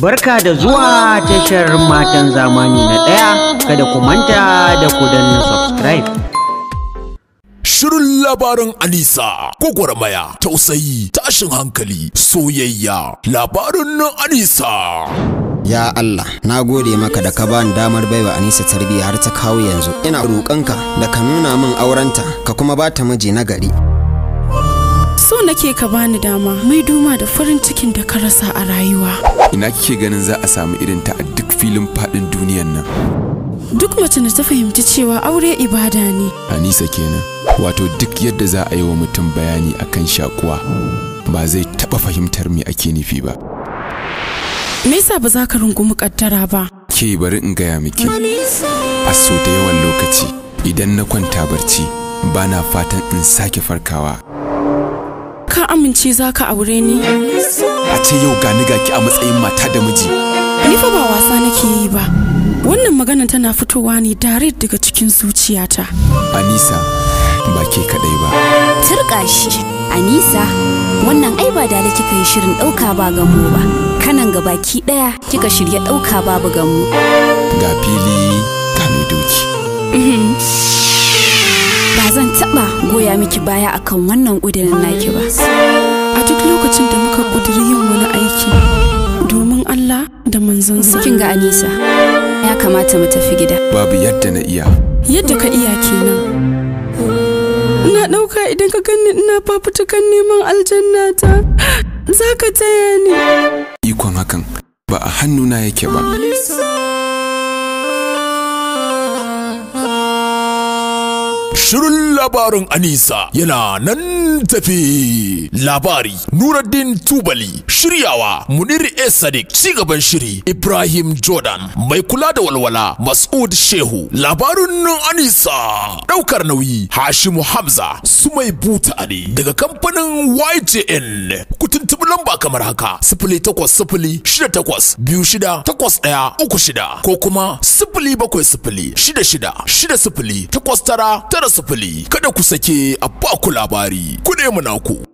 Barka da zuwa tashar matan zamani na ɗaya kada ku manta da ku danna subscribe. Shirin labarin Anisa, gwagwarmaya, tausayi, tashin hankali, soyayya, labarin Anisa. Ya Allah, na gode maka da ka bani damar baiwa Anisa tarbiyya har ta kawo yanzu. Ina roƙonka da ka nuna min aurenta ka kuma ba ta miji na gari. nake ka bani dama mai duma da farin cikin da ka rasa a rayuwa ina kike ganin za a samu irin ta a duk filin faɗin duniyar nan duk mace da ta fahimci cewa aure ibada ne anisa kenan wato duk yadda za a yi wa mutum bayani akan shakuwa ba zai taɓa fahimtar me ake nufi ba me yasa ba za ka rungumi kaddara ba ke bari in gaya miki a so da yawan lokaci idan na kwanta barci bana fatan in sake farkawa amince za ka aure ni a ce yau gani gaki a matsayin mata da miji ni fa ba wasa nake yi ba wannan magana tana fitowa ne direct daga cikin zuciyata anisa ba ke kadai ba turka shi anisa wannan ai ba da kika yi shirin ɗauka ba mu ba kanan ga baki daya kika shirya dauka babu mu. biya miki baya akan wannan ƙudurin naki ba a duk lokacin da muka ƙudiri yin wani aiki domin Allah da manzansa kin ga Anisa ya kamata mu tafi gida babu yadda na iya yadda ka iya kenan ina ɗauka idan ka ganni ina fafutukan neman aljanna ta za ka taya ni ikon hakan ba a hannuna yake ba shirin labarin Anisa yana nan tafi. Labari Nuruddin Tubali shiryawa Munir esadik Sadiq cigaban shiri Ibrahim Jordan mai kula da walwala Mas'ud Shehu labarin Anisa ɗaukar nauyi Hashimu Hamza su mai Buta Ali daga kamfanin YJN lamba kamar haka sifili takwas sifili shida takwas biyu shida takwas ɗaya uku shida ko kuma sifili bakwai sifili shida shida shida sifili takwas tara tara sifili kada ku sake a ba ku labari ku munaku. naku.